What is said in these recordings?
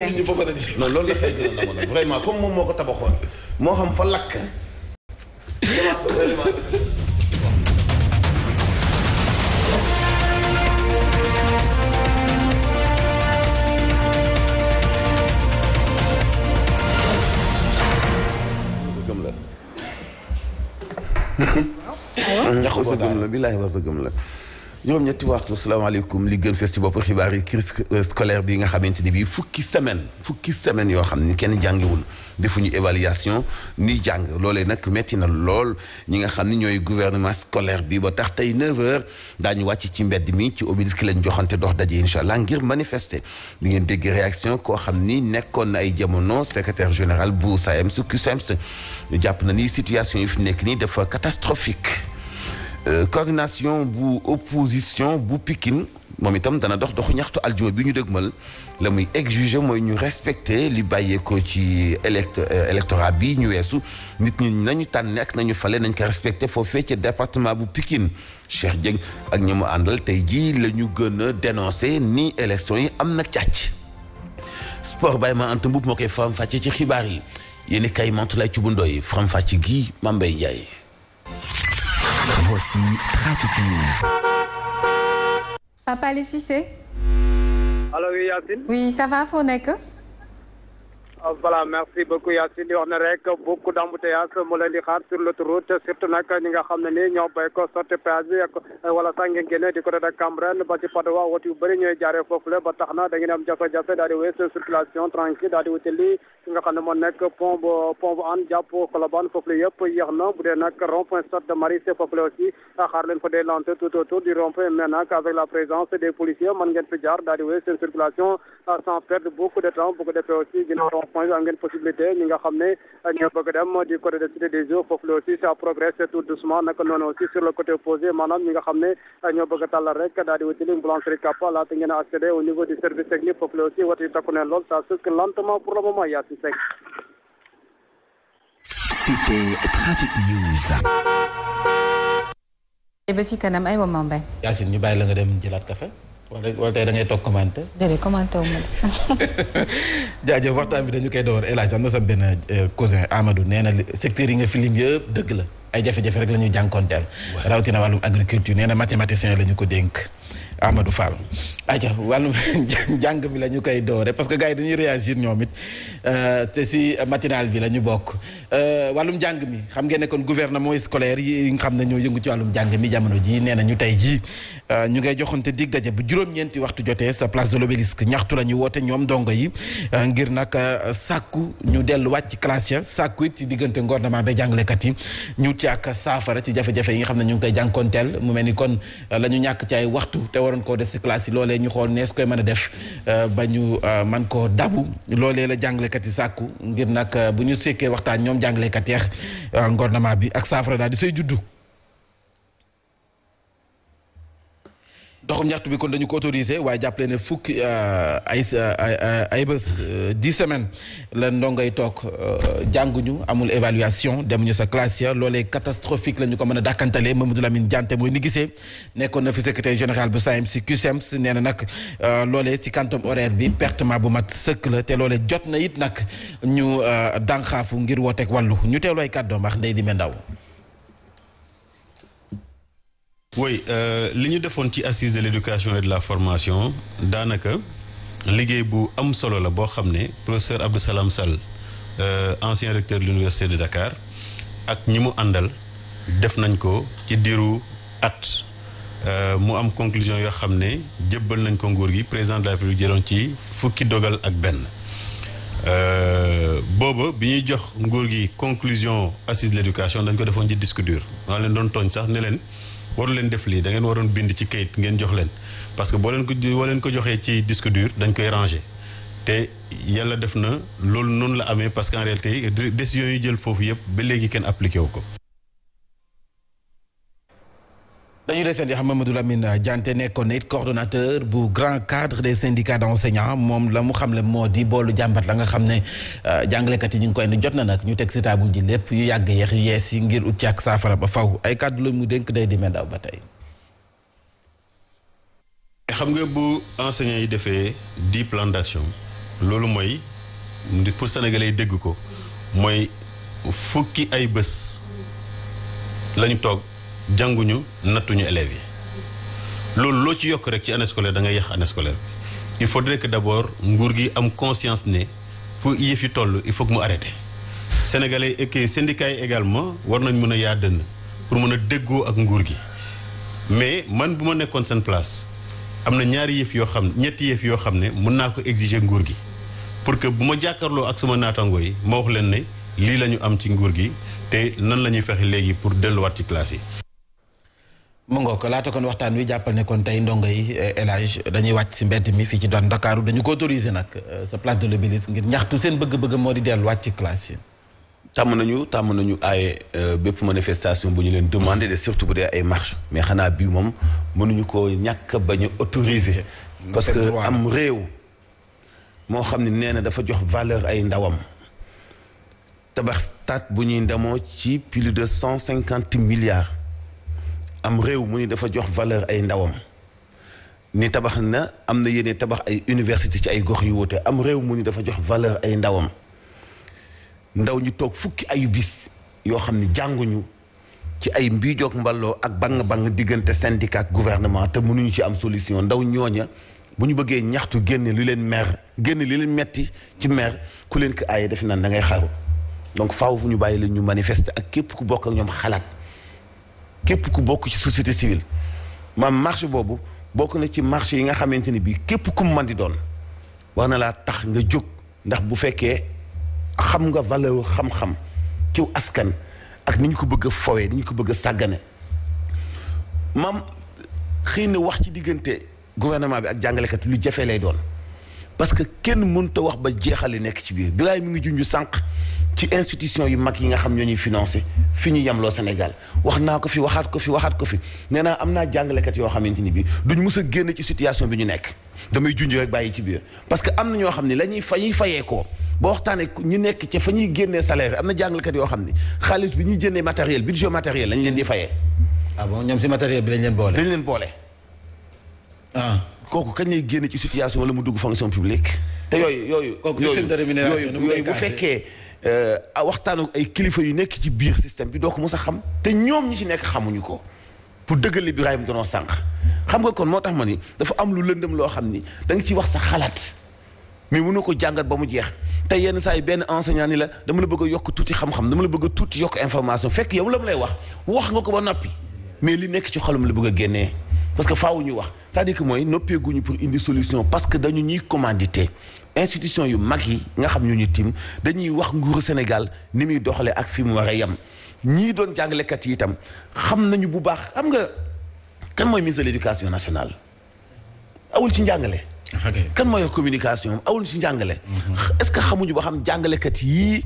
non loolu la na dina vraiment comme moom moo ko tabaxoon moo xam fa lakk. gëm la. ndax ñorom ñetti waxtu salaamaaleykum li gën fees ci bopp xibaar yi crise euh, scolaire bi nga xamante ni bii fukki semaine fukki semaine yoo xam ni kenn jàngiwul defuñu évaluation ni jàng loole nag metti na lool ñi nga xam ni ñooy gouvernement scolaire bi ba tax tey 9h daañu wàcc ci mbedd mi ci obélisque lañ joxante dox daje incha allah ngir manifester di ngeen dégg réaction koo xam ni nekkoon na ay jamono secretaire général bu SAEMS CUSEMS jàpp na ni situation yi fi nekk nii dafa catastrophique Euh, coordination bu opposition bu pikin moom itam dana dox doxu ñaxtu aljuma bi ñu mël la muy exiger mooy ñu respecter li bàyyeekoo ci élect euh, électorat bi ñu weesu nit ñi nañu tànne nekk nañu fale nañ ko respecter foofee ca département bu Pikine Cheikh Dieng ak ñi mu àndal tey jii la ñu gën a dénoncer ni élection yi am na càcc sport bàyyi ma Anta Mboup moo koy faram ci xibaar yi yéen i kaay Mantoulaye Thioub Ndoye faram-fàcce gi Mame Mbaye Ndiaye Voici Trafic News. Papa Aliou Cissé. oui Yacine. oui nekk. Euh, voilà merci beaucoup Yacine di wax ne rek beaucoup d'embouteillage mu leen di xaar sur l'autoroute surtout nag ñi nga xam ne nii ñoo béy ko sorti péage bi ak euh, wala sax ngeen di côté de Cambérène ba ci Padoa wat yu bëri ñooy jaaree foofu la ba tax na da ngeen am jafe-jafe daal wees circulation tranquille daal di wuti lii nga xam ne moo nekk pont bu pont bu Hann jàpp Colobane foofu na bu dee nag rond-point Stade de Maris foofu la aussi xaar leen fa des lentes tout autour du point bi am ngeen nga xam ne ñoo bëgg dem du côté de cité des eaux foofu la aussi ça progresse tout doucement naka noonu aussi sur le côté opposé maanaam ñi nga xam ne ñoo bëgg a tàllal daal di wuti ligne boulangerie Kappa laata ngeen a accédé au niveau du service technique foofu la aussi watu yi takku neen lool ça circule lentement pour le moment yaa eh si wala wala tey da ngay toog commenté. déedéet commenté wu ma jaajëf bi dañu koy door El Hadj am sam benn euh, cousin Amadou nee na secteur yi nga filim yëpp dëgg la ay jafe-jafe rek la ñuy jànkonteel. rawatina wàllum agriculture nee na mathématicien la ñu ko dénk. Amadou Fall. aja wàllum jàng mi la ñu koy doore parce que gars yi dañuy réagir ñoom it euh, te si matinal bi la ñu bokk euh, wàllum jàng mi xam ngeen ne kon gouvernement scolaire yi nga xam ne ñoo yëngu ci wàllum jàng mi jamono ji nee na ñu tey jii euh, ñu ngay joxante dig daje bu juróom-ñeenti waxtu jotee sa place de l'obélisque ñaxtu la ñu woote ñoom ndongo yi ngir nag sàkku ñu delluwaat ci classe ya sàkku it ci diggante gouvernement ba jàngalekat yi ñu ci ak saafara ci jafe-jafe yi nga xam ne ñu ngi koy jànkoonteel mu mel kon la ñàkk ci waxtu te waroon koo des si classe yi loolee ñu xool nees koy mën a def euh, ba ñu euh, man koo dabu loolee la jàngalekat yi sàkku ngir nag euh, bu ñu sekkee waxtaan ñoom jàngalekat yeex bi ak saafara daal di say juddu doxum ñaxtu bi kon dañu ko autorisé waaye jàppale ne fukki euh, ay euh, ay bés euh, dix semaines la ndongay toog jànguñu amul évaluation dem ñu sa classe ya loolee catastrophique la ñu ko mën a dàkkantalee Mamadou Lamine Diante mooy ni gisee nekkoon na fi secrétaire général bu SAEMS si CUSEMS nee na nag loolee si quantum horaire bi pertement bu mat sëkk la te loole jot na it nag ñu dànxaafu ngir wooteeg wàllu ñu teewlooy kàddoom wax ndey di me ndaw oui euh, li ñu defoon ci assise de l'éducation et de la formation daanaka liggéey bu am solo la boo xam ne professeur Abdou Salam Sall euh, ancien recteur de l'université de Dakar ak ñi mu àndal def nañ ko ci diru at euh, mu am conclusion yoo xam ne jëbbal nañ ko nguur gi président de la République jëloon ci fukki dogal ak benn booba bi ñuy jox nguur gi conclusion assise de l'éducation dañ ko defoon ci disque dur maa leen doon tooñ sax ne leen waru leen def lii da ngeen waroon bind ci kayit ngeen jox leen parce que boo leen ko boo ko joxee ci disque dur dañ koy ranger te yàlla def na loolu noonu la amee parce que en réalité décision yi jël foofu yëpp ba léegi kenn appliqué wu ko dañu dee seen di xam Mamadou Lamine Diante nekkoon na it coordonnateur bu grand cadre des syndicats moom la mu xam le moo di boolu jàmbat la nga xam ne euh, jàngalekat yi ñu ngi koy indi jot na nag ñu teg si taabu ji lépp yu yàgg yeex yu yees ngir ut ak saafara ba faw ay kàddu la mu dénk day di mendaw ba tey nga bu enseignants yi defee dix plans loolu mooy pour sénégalais dégg ko mooy fukki ay bés lañu toog jànguñu nattuñu élèves yi loolu loo ci yokk rek ci année scolaire da ngay yàq année scolaire bi il faudrait que d'abord nguur gi am conscience ne pour yëf yi toll il faut mu arrêté sénégalais et syndicats yi également war nañu mën a yaa dënn pour mën a déggoo ak nguur gi mais man bu ma nekkoon seen place am na ñaari yëf yoo xam ñetti yëf yoo xam ne mën naa ko exiger nguur gi pour que bu ma jàkkaarloo ak sama naataango yi ma wax leen ne lii la ñu am ci nguur gi te nan la ñuy fexe léegi pour delluwaat ci classe yi mu ngoo kon waxtaan wi jàppal ne kon tey ndongo yi élage eh, dañuy wàcc si mbedd mi fii ci doon Dakar dañu ko autorisé nag eh, sa place de l'Obélisque ngir ñaxtu seen bëgg-bëgg moo di delluwaat ci classe yi. tàmm nañu tàmm nañu ay eh, bépp manifestation bu ñu leen demandé de surtout bu dee ay marche mais xanaa bii moom mënuñu ko ñàkk bañ a autorisé. parce que am réew moo xam ne nee na dafa jox valeur ay ndawam. tabax stade bu ñuy ndemoo ci plus de cent cinquante milliards. am réew mu ni dafa jox valeur ay ndawam ni tabax na am na yéene tabax ay université ci ay gox yu wuute am réew mu ni dafa jox valeur ay ndawam ndaw ñu toog fukki ayu bis yoo xam ne jànguñu ci ay mbii mballoo ak bang bang diggante syndicat ak gouvernement te mënuñu ci am solution ndaw ñooña bu ñu bëggee ñaxtu génne lu leen mer génne li leen metti ci mer ku leen ko aaye defe naan da ngay xaru donc faaw fu ñu bàyyi leen ñu manifester ak képp ku bokk ak ñoom xalaat képp ku bokk ci société civile maam marché boobu bokk na ci marché yi nga xamante ni bii képp ku mën di doon war na laa tax nga jóg ndax bu fekkee xam nga valeur xam-xam ci askan ak ni ñu ko bëgg a fowee ni ñu ko bëgg sàggane maam xëy na wax ci diggante gouvernement bi ak jàngalekat lu jafe lay doon parce que kenn mënut a wax ba jeexal jeexali nekk ci biir Birahim mu ngi junj sànq ci institution yu mag yi nga xam ñoo ñuy financé fi ñu yemloo Sénégal wax naa ko fi waxaat ko fi waxaat ko fi nee am naa jàngalekat yoo xamante ni bii duñ a génn ci situation bi ñu nekk damay junj bàyyi ci biir parce que am na ñoo xam ne la ñuy fa ñuy fayee ko ñu nekk ca fa ñuy génnee salaire am na jàngalekat yoo xam ne xaalis bi ñuy jëndee matériel budget matériel lañ leen di fayee. ah ñoom si matériel bi lañ leen boole. leen boole. Ah. kooku kañ lay génne ci situation wala mu dugg fonction publique. te yooyu yooyu. kooku système de rémunération yooyu bu fekkee. Euh, waxtaan ak ay kilifa yu nekk ci biir système bi doo ko mos a xam te ñoom ñi ci nekk xamuñu ko pour dëggal li Birahim doonoo sànq xam nga kon moo tax ma ni dafa am lu lëndëm loo xam ni da nga ci wax sa xalaat mais mënu ko jàngat ba mu jeex te yenn saa yi benn enseignant ni la dama la bëgg yokk tuuti xam-xam dama la bëgg tuuti yokk information fekk yow la mu lay wax wax nga ko ba noppi mais li nekk ci xolam la bëgg a génnee parce que faaw ñu wax cest mooy noppeeguñu pour indi solution parce que dañu ñuy commandité institution yu mag yi nga xam ñu ñu tiim dañuy wax nguuru Sénégal ni muy doxalee ak fi mu war a yem ñii doon jàngalekat yi itam xam nañu bu baax xam nga kan mooy ministre de l'éducation nationale awul ci njàngale. kan mooy communication awul ci njàngale. Mhm. est-ce que xamuñu ba xam jàngalekat yii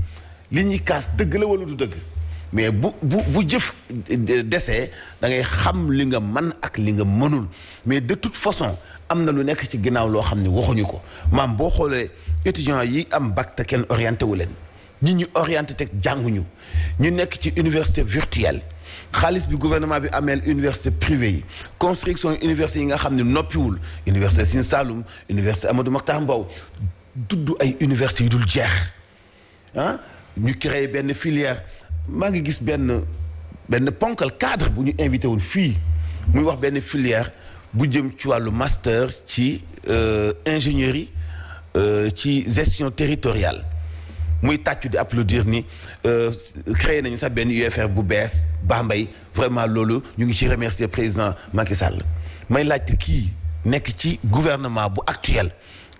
li ñuy kaas dëgg la wala du dëgg. mais bu bu bu jëf desee da ngay xam li nga man ak li nga mënul mais de tout façon am na lu nekk ci ginnaaw loo xam ne waxuñu ko maam boo xoolee étudiants yi am bac te kenn orienté wu leen ñi ñu orienté te jànguñu ñu nekk ci université virtuelle xaalis bi gouvernement bi amee université privée yi construction université yi nga xam ne noppiwul université Sine Saloum université Amadou Mahtar Mbow dudd ay université yi dul jeex ah ñu créer benn filière maa ngi gis benn benn ponkal cadre bu ñu invité woon fii muy wax benn filière bu jëm ci wàllu master ci euh, ingénierie euh, ci gestion territoriale muy tàccu di applaudir ni euh, créé nañu sax benn UFR bu bees Bambey vraiment loolu ñu ngi ci remercier président Macky Sall may laajte kii nekk ci gouvernement bu actuel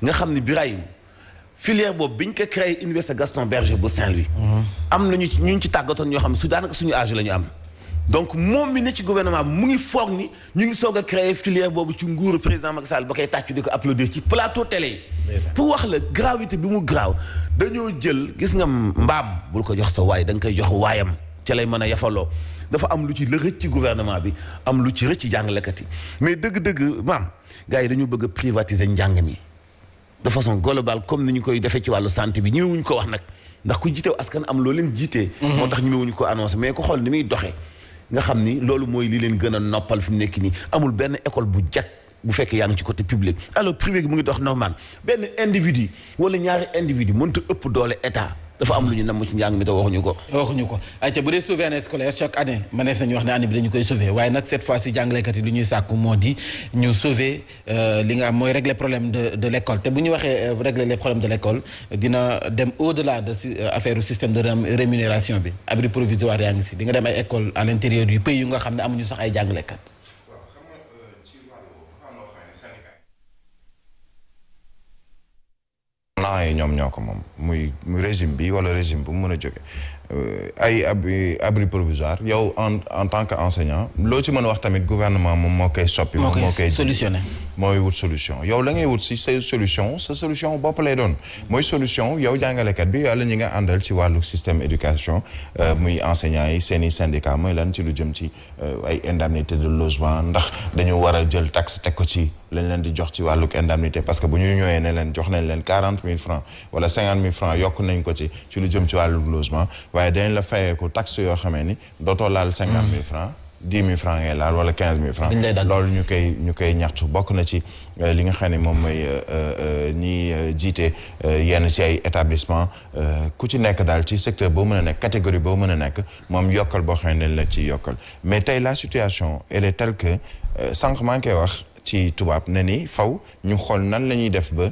nga xam ne Birahim filière boobu bi ñu ko créé université Gaston Berger bu Saint-Louis mm-hmm. am na ñu ñu ci tàggatoon ñoo xam ne su suñu âge la ñu am donc moom mi ne ci gouvernement mu ngi foog ni ñu ngi soog a créer boobu ci nguur président Macky Sall ba koy tàccu di ko applaudir ci plateau télé yi. pour wax la gravité bi mu graaw dañoo jël gis nga mbaam bul ko jox sa waay da koy jox waayam ca lay mën a yafaloo dafa am lu ci la ci gouvernement bi am lu ci rëcc jàngalekat yi mais dëgg-dëgg maam gars yi dañu bëgg a privatiser njàng mi de façon globale comme ni ñu koy defee ci wàllu santé bi ñëwee ko wax nag ndax ku jiitew askan am loo leen jiitee mhm. moo tax ñëwee wuñ ko annoncé mais ko xool ni muy doxee. nga xam ni loolu mooy li leen gën a noppal fi mu nekk nii amul benn école bu jag bu fekkee yaa ngi ci côté public alors privé bi mu ngi dox normal benn individu wala ñaari individu mënut a ëpp doole état. dafa am lu ñu namm ci njàng mi te waxuñu ko waxuñu ko ayca bu dee sauver année scolaire chaque année mënees nañu wax ne année bi dañu koy sauver waaye nag cette fois ci jàngalekat yi lu ñuy sàkku moo di ñu sauver euh, li nga am mooy régler problème de de te bu ñu waxee euh, régler les problèmes de l' dina dem au la de euh, affaire u système de rémunération bi abri provisoire yaa ngi si di nga dem ay école à l' intérieur du yu nga xam ne amuñu sax ay jàngalekat plan yi ñoom ñoo ko moom muy régime bi wala régime bu mu mën a jóge euh, ay abri euh, abri provisoire yow en en tant que enseignant loo ci mën a wax tamit gouvernement moom moo koy soppi moom moo koy solutionné mooy wut solution yow la ngay wut si sa solution sa solution bopp lay doon mooy solution yow jàngalekat bi yàlla ñi nga àndal ci wàllu système éducation euh, muy enseignant yi seen i syndicat mooy lan ci lu jëm ci ay indemnité de logement ndax dañu war a jël tax teg ko ci lañu leen di jox ci wàlluk indemnité parce que bu ñu ñëwee ne leen jox nañ leen quarante mille francs wala cinquante mille francs yokk nañ ko ci lu jëm ci wàlluk logement waaye dañ la fayeeku taxe yoo xamee ni dootoo laal cinquante mille francs dix mille francs ngay laal wala quinze mille francs loolu ñu koy ñu koy ñaxtu bokk na ci euh, li nga xam ne moom mooy euh, euh, ñi jiite yenn ci ay établissement ku ci nekk daal ci secteur boo mën a nekk catégorie boo mën a nekk moom yokkal boo xam ne la ci yokkal mais tey la situation elle est telle sànq maa ngi koy wax ci tubaab ne ni faw ñu xool nan la ñuy def ba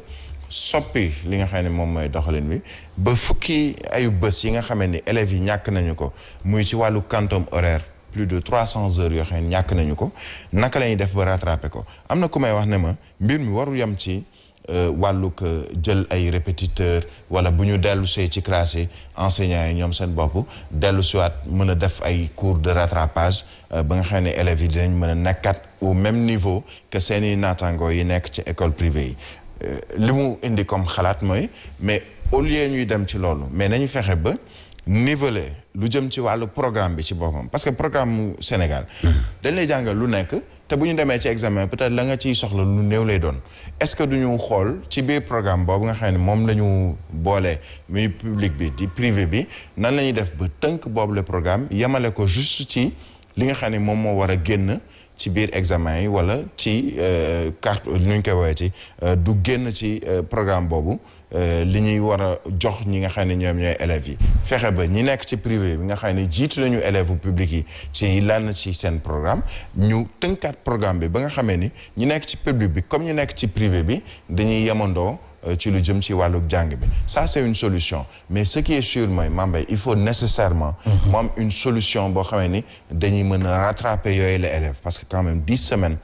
soppi li nga xam ne moom mooy doxalin bi ba fukki ayu bés yi nga xamee ni élèves yi ñàkk nañu ko muy ci wàllu quantom horaire plus de trois cents heures yoo xam ne ñàkk nañu ko naka la def ba rattrapé ko am na ku may wax ne ma mbir mi warul yem ci euh, wàllug jël ay répétiteur wala bu ñu dellu see ci classe yi enseignants yi ñoom seen bopp dellu siwaat mën a def ay cours de rattrapage euh, ba nga xam ne élèves yi dinañ mën a nekkat au même niveau que seeni naataangoo yi nekk ci école privée yi euh, li mu indi comme xalaat mooy mais au lieu ñuy dem ci loolu mais nañu fexe ba niveler lu jëm ci wàllu programme bi ci boppam parce que programme mu Sénégal hmm. dañ lay jàngal lu nekk te bu ñu demee ci examen peut-être la nga ciy soxla lu néew lay doon est-ce que duñu xool ci biir programme boobu nga xam ne moom la ñu boolee muy public bi di privé bi nan la ñuy def ba tënk boobu la programme yemale ko juste ci li nga xam ne moom moo war a génn ci biir examen yi wala ci euh, carte nu ñu koy woowee ci euh, du génn ci euh, programme boobu li ñuy war a jox ñi nga xam ne ñoom ñooy élèves yi fexe ba ñi nekk ci privé bi nga xam ne jiitu nañu élèves public yi ci lan ci seen programme ñu tënkaat programme bi ba nga xamee ni ñu nekk ci public bi comme ñu nekk ci privé bi dañuy yemandoo Euh, ci lu jëm ci wàllu jàng bi ça c'est une solution mais ce qui est sûr mooy Mambay il faut nécessairement mhm. mu une solution boo xamee ni dañuy mën a rattraper yooyu les élèves parce que quand même dix semaines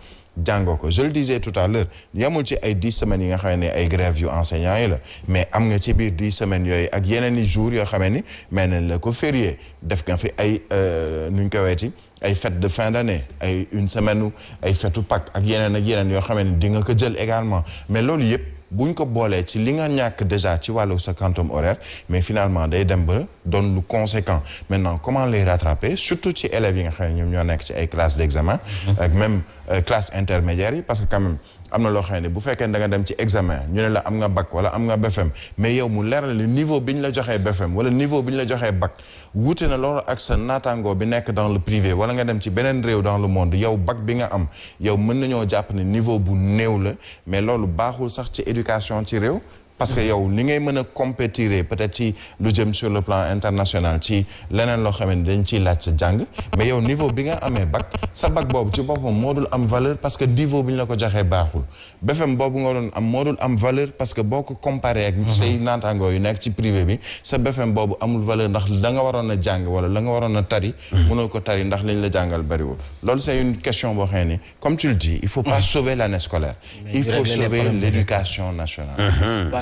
jàngoo ko je le disais tout à l'heure yamul ci ay dix semaines yi nga xam ne ay grève yu enseignants yi la mais am nga ci biir dix semaines yooyu ak yeneen i jours yoo xamee ni mais nañ la ko férié def nga fi ay euh, nuñ ko weeti ay fête de fin d'année ay une semaine ay fêtu Pâques ak yeneen ak yeneen yoo xamee ni di nga ko jël également mais loolu yëpp bu ñu ko boolee ci li nga ñàkk déjà ci wàllu sa quantum horaire mais finalement day dem ba doon lu conséquent maintenant comment les rattraper surtout ci élèves yi nga xam ne ñoom ñoo nekk ci ay classes d'examen mhm. ak même euh, classe intermédiaire yi parce que quand am na loo xam ne bu fekkee da nga dem ci examen ñu ne la am nga bac wala am nga BFEM mais yow mu leer la niveau bi ñu la joxee BFEM wala niveau bi ñu la joxee bac wuute na loolu ak sa naataangoo bi nekk dans le privé wala nga dem ci beneen réew dans le monde yow bag bi nga am yow mën nañoo jàpp ne niveau bu néew la mais loolu baaxul sax ci éducation ci réew parce que yow li ngay mën a compétir peut-être ci lu jëm sur le plan international ci leneen loo xam ne dañ ciy laaj sa jàng mais yow niveau bi nga amee bag sa bac boobu ci boppam moo dul am valeur parce que niveau bi ñu la ko joxee baaxul BFEM boobu nga doon am moo dul am valeur parce que boo ko comparé ak mhm. say naataangoo yu nekk ci privé bi sa BFEM boobu amul valeur ndax da nga waroon a jàng wala la nga waroon a tari mhm. mënoo ko tari ndax liñ la jàngal bariwul loolu c'est boo xam ne comme tu le dis il faut pas mhm. sauver l'année scolaire il faut sauver l'éducation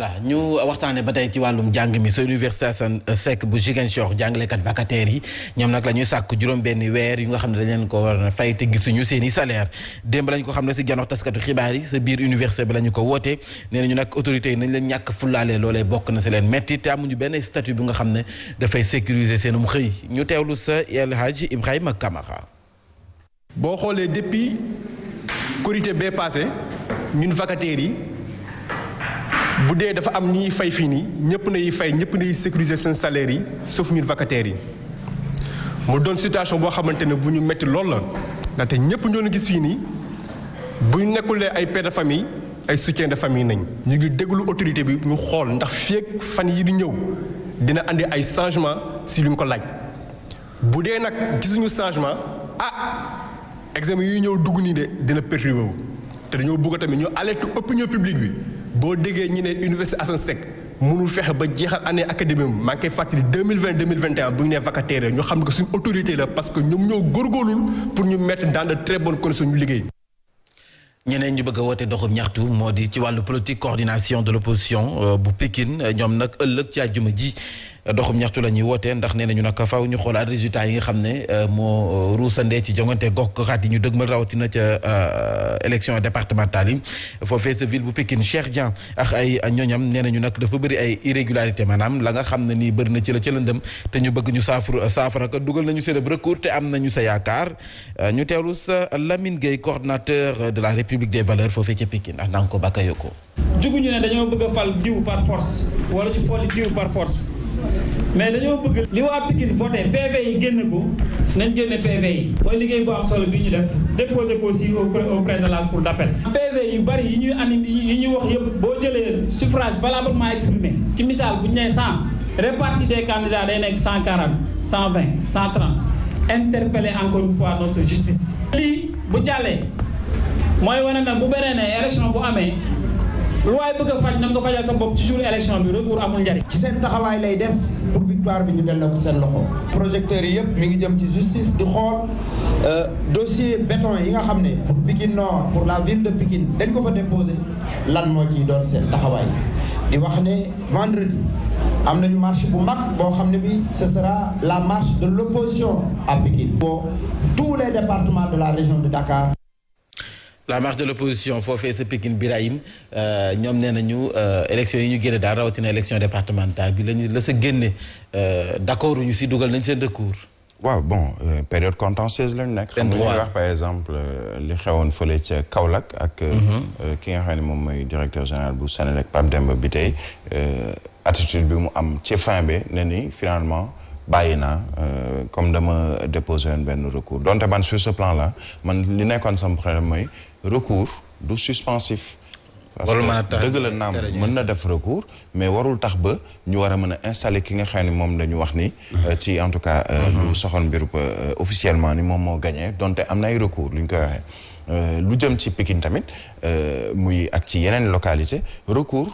voilà ñu waxtaanee ba tey ci wàllum jàng mi sa université Assane euh, Seck bu Ziguinchor jàngalekat vacataires yi ñoom nag la ñuy sàkk juróom-benni weer yu nga xam ne dañ leen ko war a fay te gisuñu seen i salaire démb lañ ko xam ne si janox taskatu xibaar yi sa biir université bi la ñu ko wootee nee nañu nag autorités yi nañ leen ñàkk fulaalee loolee bokk na si leen métti te amuñu benn statut bi nga xam ne dafay sécuriser seen mu xëy ñu teew lu sa El Hadj Ibrahima Kamara. boo xoolee depuis korité bee passé ñun vacataires yi. bu dee dafa am ñuy fay fii nii ñëpp nay fay ñëpp nay sécuriser seen salaire yi sauf ñun vacataires yi mu doon situation boo xamante ne bu ñu metti lool la ndaxte ñëpp ñoo gis fii nii bu ñu nekkulee ay père de famille ay soutien de famille nañ ñu ngi déglu autorité bi ñu xool ndax fii ak fan yi di ñëw dina indi ay changement si lu ñu ko laaj bu dee nag gisuñu changement ah examen yi ñëw dugg nii de dina perturbé wu te dañoo bugg tamit ñu alerte opinion publique bi. boo déggee ñi ne université Assane Seck mënul fexe ba jeexal année académie bi maa ngi koy fàttali deux mille vingt deux mille vingt et un bu ñu nee vacataire ñu xam ne que autorité la parce que ñoom ñoo góorgóorlul pour ñu mettre dans de très bonnes conditions ñu liggéey. ñeneen ñu bëgg woote doxum ñaxtu moo di ci wàllu politique coordination de l' opposition euh, bu pekin ñoom nag ëllëg ci àjjuma ji. doxum ñaxtu la ñuy wootee ndax nee nañu nag faaw ñu xoolaat résultat yi nga xam ne euh, moo euh, ruusandee ci jongante gox xaat yi ñu dëgmal rawatina ca euh, élection départementale yi foofee sa ville bu Pikine Cheikh Dieng ay ñoñam nee nañu nag dafa bëri ay irrégularité maanaam la nga xam ne nii bëri na ci la ca lëndëm te ñu bëgg ñu saafara dugal nañu seen recours te am nañu sa yaakaar ñu teelu sa Lamine Gueye coordonnateur de la République des valeurs foofee ca Pikine ndax Nanko Bakayoko. juguñu ne dañoo mais dañoo bëgg li waa Pikine voté PV yi génn ko nañ génne PV yi mooy liggéey bu am solo bi ñu def déposé ko aussi de la cour d'appel PV yu bari yi ñuy ani yi ñuy wax yëpp boo jëlee suffrage valablement exprimé ci misaal bu ñu nee 100 répartie des candidats day nekk 140 120 130 interpeller encore une fois notre justice lii bu jàllee mooy wane na bu benee élection bu amee lu waaye bëgg a faj na nga ko fajal sa bopp ci jour élection bi recours amul njariñ ci seen taxawaay lay des pour victoire bi ñu delloo ko seen loxo. projecteur yi mi ngi jëm ci justice di xool euh, dossier béton yi nga xam ne pour Pikine Nord pour la ville de Pikine dañ ko fa déposé lan moo ciy doon seen taxawaay di wax ne vendredi am nañu marche bu mag boo xam ne bi ce sera la marche de l'opposition à Pikine pour tous les départements de la région de Dakar la marche de l'opposition foofee sa Pikine Birahim euh, ñoom nee nañu euh, élection yi ñu génne daal rawatina élection départementale bi lañu la sa génne euh, d'accord ñu si dugal nañ seen recours waaw bon période contentieuse lañu nekk xam nga ñuy par exemple li xewoon fële ca Kaolack ak mhm. ki nga xam ne moom mooy directeur général bu Senelec Pape Demba bi tey attitude bi mu am ci fin bi ne ni finalement bàyyi naa comme dama déposé woon benn recours donte ban sur ce plan la man li nekkoon sama problème mooy recours du suspensif. parce que dëgg la naam mën na def recours mais warul tax ba ñu war a mën a installer ki nga xam ne moom la wax ni euh, ci en tout cas euh, mhm. lu soxal mbirub euh, officiellement ni moom moo gañee donte am na ay recours lu ñu koy waxee lu jëm ci Pikine tamit muy ak ci yeneen localité recours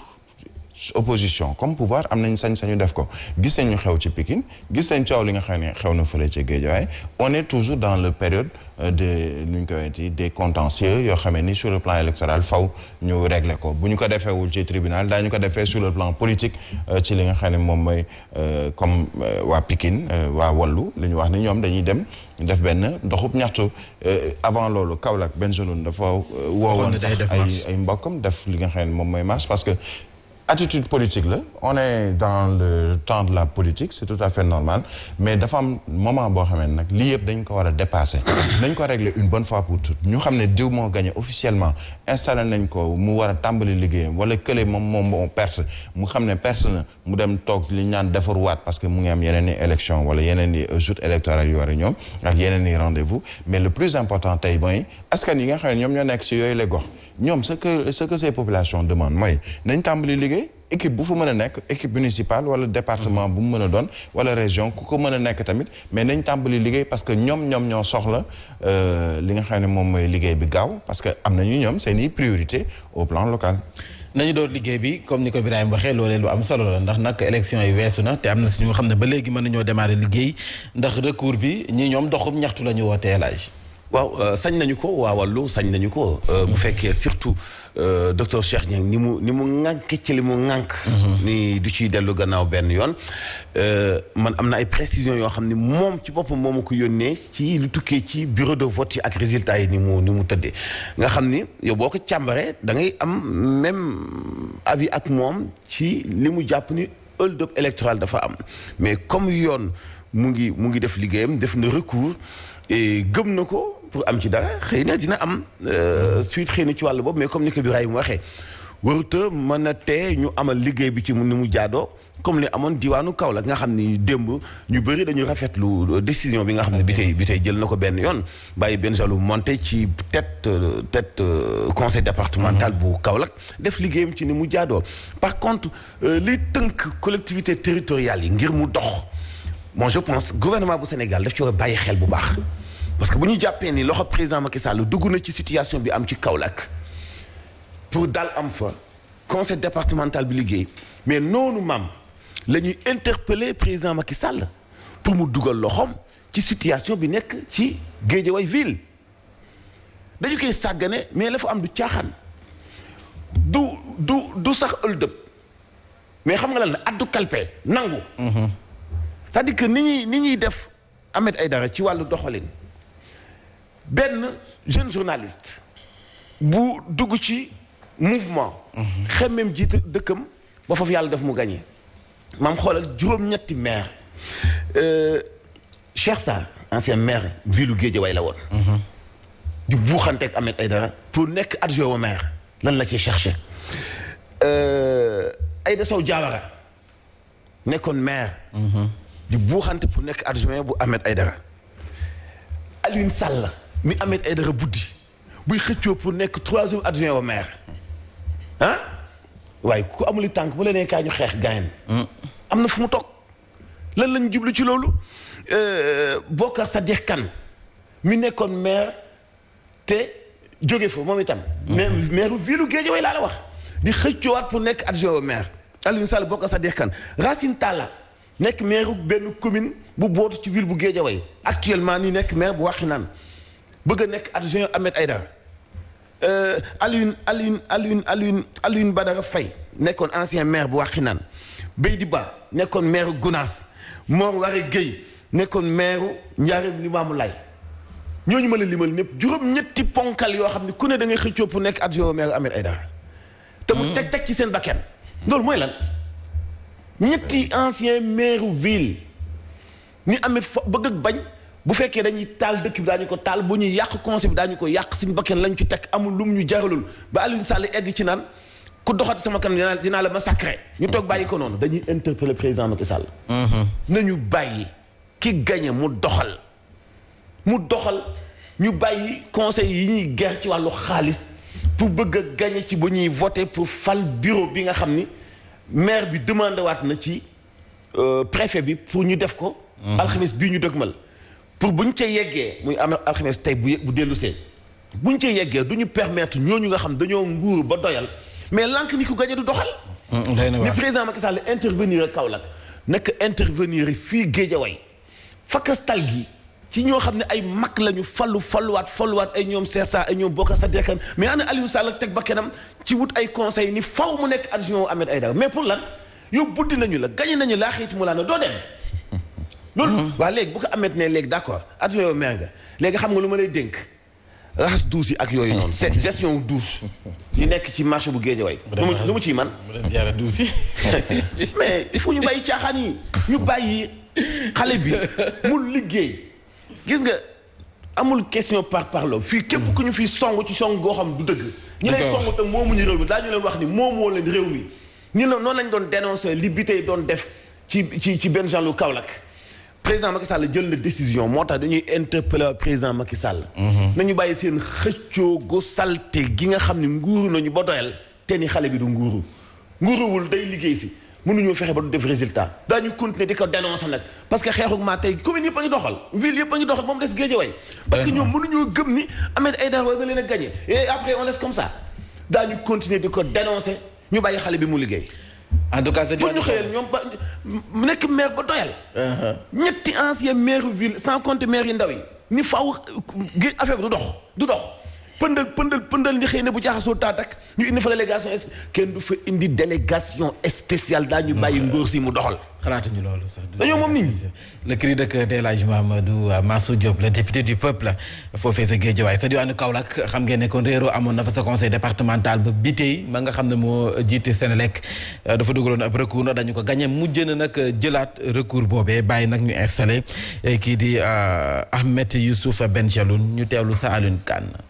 opposition comme pouvoir am nañ sañ-sañu def ko gis nañu xew ci pikin gis nañ coow li nga xam ne xew na fële ci Guédiawaye on est toujours dans le période euh, de nu ñu koy waxeeti des contentieux yoo xamee ni sur le plan électoral faw ñu régler ko bu ñu ko defeewul ci tribunal daañu ko defee sur le plan politique euh, ci li nga xam ne moom mooy euh, comme waa Pikine waa Wallu li ñu wax ni ñoom dañuy dem def benn doxub ñaxtu avant loolu Kaolack benn zone dafa woowoon sax ay ay mbokkam def li nga xam ne moom mooy marche parce que attitude politique la on est dans le temps de la politique c'est tout à fait normal mais dafa am moment boo xamee nag lii yëpp dañ ko war a dépasser nañ ko régler une bonne fois pour toutes ñu xam ne diw moo gagné officiellement installé nañ ko mu war a tàmbali liggéeyam wala kële moom moom moo perte mu xam ne perte na mu dem toog li ñaan defaruwaat parce que mu ngi am yeneen i élection wala yeneen i joutes électorales yu war a ñoom ak yeneen i rendez le plus important tey mooy askan yi nga xam ne ñoom ñoo nekk ci yooyu les gox ñoom ce que ce waaye équipe bu fa mën a nekk équipe municipale wala département bu mu mën a doon wala région ku ko mën a nekk tamit mais nañ tàmbali liggéey parce que ñoom ñoom ñoo soxla euh, li nga xam ne moom mooy liggéey bi gaaw parce am nañu ñoom seen i bi comme ni ko Birahim waxee loolee lu am solo la ndax nag élection yi weesu na te am na si ñu xam ne ba léegi mën nañoo démarrer liggéey ndax recours bi ñi ñoom doxum ñaxtu la ñu wootee laaj. waaw euh, sañ nañu ko waa wàllu sañ nañu ko. bu euh, fekkee surtout. Euh, docteur Cheikh Niang ni mu ni mu ŋànk ci li mu ŋànk mhm. ni du ciy dellu gannaaw benn yoon euh, man am na ay précision yoo xam ne moom ci boppam moom ma ko yónnee ci lu tukkee ci bureau de vote yi ak résultat yi ni mu ni mu tëddee nga xam ni yow boo ko càmbaree da ngay am même avis ak moom ci li mu jàpp ni hold up électoral dafa am mais comme yoon mu ngi mu ngi def liggéeyam def na recours gëm na ko pour am ci daa xëy na dina am euh, suite xëy na ci wàll boobu mais comme ni ko Birahim waxee warut mën a te ñu amal liggéey bi ci mu ni mu jaadoo comme li amoon diwaanu Kaolack nga xam ni démb ñu bëri dañu rafetlu décision bi nga xam ne bi tey bi tey jël na ko benn yoon bàyyi benn jalu monté ci tête tête euh, conseil départemental bu Kaolack def liggéeyam ci ni mu jaadoo par contre euh, li tënk collectivité territoriale yi ngir mu dox bon je pense gouvernement bu Sénégal daf ci bàyyi xel bu baax parce que bu ñu jàppee ni loxo président Macky Sall dugg na ci situation bi am ci Kaolack pour dal am fa conseil départemental bi liggéey mais noonu maam la ñuy interpeller président Macky Sall pour mu dugal loxoom ci situation bi nekk ci Guédiawaye ville dañu koy sàggane mais la fa am du caaxaan du du du sax ëldëb mais xam nga lan la addu kalpe nangu mhm. c'est-à-dire ni ñuy ni ñuy def Ahmed Aïdara ci wàllu doxalin benn jeune journaliste bu dugg ci mouvement. xemmeem jiite dëkkam ba foofu yàlla def mu gagné. maam xoolal juróom-ñetti maire euh, Cheikh Sarr ancien maire ville Guédiawaye la woon. di buuxanteeg Ahmed Aïdara pour nekk adjoint au maire lan la ci cherché. Euh, Aïda Sow Diawara nekkoon maire. Mhm. di buuxante pour nekk adjoint bu Ahmed Aïdara Alioune Sall. mi ay dara buddi buy xëccoo pour nekk trois troisième adjoint au maire ah waaye ku amuli tànk bu leneen kaa ñu xeex gayn mm. am na fu mu toog lan lañ jublu ci loolu sa euh, Sadikh kan mi nekkoon maire te jóge fa moom itam mm. mais maire ville Guédiawaye laa la wax di xëccoowaat pour nekk adjoint au maire Aliou Sall sa Sadikh Kane Racine tàlla nekk maire benn commune bu bootu ci ville bu Guédiawaye actuellement ni nekk maire bu Wakhinane bëgg a nekk adjoint Ahmed Aïdara euh, Alioune Alioune Alioune Alioune Alioune Badara Faye nekkoon ancien maire bu Wakhinane Beydi Ba nekkoon maire Gounass Mor Waré Gueye nekkoon maire Ndiarème Limamoulaye ñooñu ma la limal ñëpp juróom-ñetti ponkal yoo xam ne ku ne da ngay xëccoo pour nekk adjoint maire Ahmed Aïdara te mu hmm. teg teg ci seen bakkan loolu mooy lan ñetti ancien maire ville ni amee fa bëgg ak bañ bu fekkee dañuy taal dëkk bi daañu ko taal bu ñuy yàq conseil bi daañu ko yàq suñu bakkan lañ ci teg amul mu ñu jaralul ba Aliou Sall egg ci naan ku doxati sama kanam dinaa dinaa la massacrer. ñu toog bàyyi ko noonu dañuy interpeller président Macky mhm. na ñu bàyyi ki gañe mu doxal mu doxal ñu bàyyi conseil yi ñuy ger ci wàllu xaalis pour bëgg a gañe ci ba ñuy voter pour fal bureau bi nga xam ni maire bi demandé waat na ci euh, préfet bi pour ñu def ko. Mhm. alxamis bii ñu dëgmal. pour bu ñu ca yeggee muy am alxames tey bu bu dellu see bu ñu ca yeggee du ñu permettre ñooñu nga xam dañoo nguur ba doyal mais lànk ni ko gañe du doxal. mais mm, président Macky Sall intervenir ak Kaolack nekk intervenir fii Géejawaay fakastal gi ci ñoo xam ne ay mag lañu fallu falluwaat falluwaat ay ñoom Cessa ay ñoom Bokar Sadikh mais ana Aliou Sall teg ba kenam ci wut ay conseil ni faw mu nekk adjoint ay Aïdara mais pour lan yow buddi nañu la gañe nañu laa xiit mu laa na doo dem. loolu waa léegi bu ko amet ne léegi d'accord adjoint au maire nga léegi xam nga lu ma lay dénk raxas douche yi ak yooyu noonu c'est gestion wu douche yi nekk ci marché bu Guédiawaye lu mu ciy man mais il faut ñu bàyyi caaxaan yi ñu bàyyi xale bi mu liggéey gis nga amul question par parlo fii képp ku ñu fiy song ci song goo xam du dëgg ñi lay song mu moomuñu réew mi daa ñu leen wax ni moomoo leen réew mi ñu ne noonu lañ doon dénoncer li bi tey doon def ci ci ci benn genre lu président Macky Sall jël na décision moo tax dañuy interpeller président Macky Sall. Mhm. nañu bàyyi seen xëccoo gu salte gi nga xam ne nguuru nañu ba doyal te ni xale bi du nguuru nguuruwul day liggéey si mënuñoo fexe ba du def résultat. daañu continuer di ko dénoncer nag parce que xeexu maa tey commune yëpp a ngi que ñoom mënuñoo gëm ni Ahmed Aïdara war na leen a gagné et on laisse ñu bàyyi xale bi mu liggéey. en tout cas ñu xëyal ñoom ba mu nekk maire ba doyal. Uh-huh. ñetti ancien maire ville cent compter maire yu ndaw yi ni faw affaire bi du dox du dox. pëndal pëndal pëndal ni xëy na bu jaaxasoo taatak ñu indi fa délégation kenn du fa indi délégation spéciale daañu bàyyi ngóor si mu doxal. xalaatuñu loolu sax. dañoo moom nit ñi. le cri de cœur d'El Hadji Mamadou euh, Mansour Diop le député du peuple foofee sa Guédiawaye sa diwaanu Kaolack xam ngeen ne kon réeroo amoon na fa sa conseil départemental ba bi tey ma nga xam ne moo jiite lekk euh, dafa dugaloon ab recours na dañu ko gagné mujj na nag jëlaat recours boobee bàyyi nag ñu installé euh, kii di Ahmed Youssouf Ben Jaloun ñu teewlu sa Alioune Kane.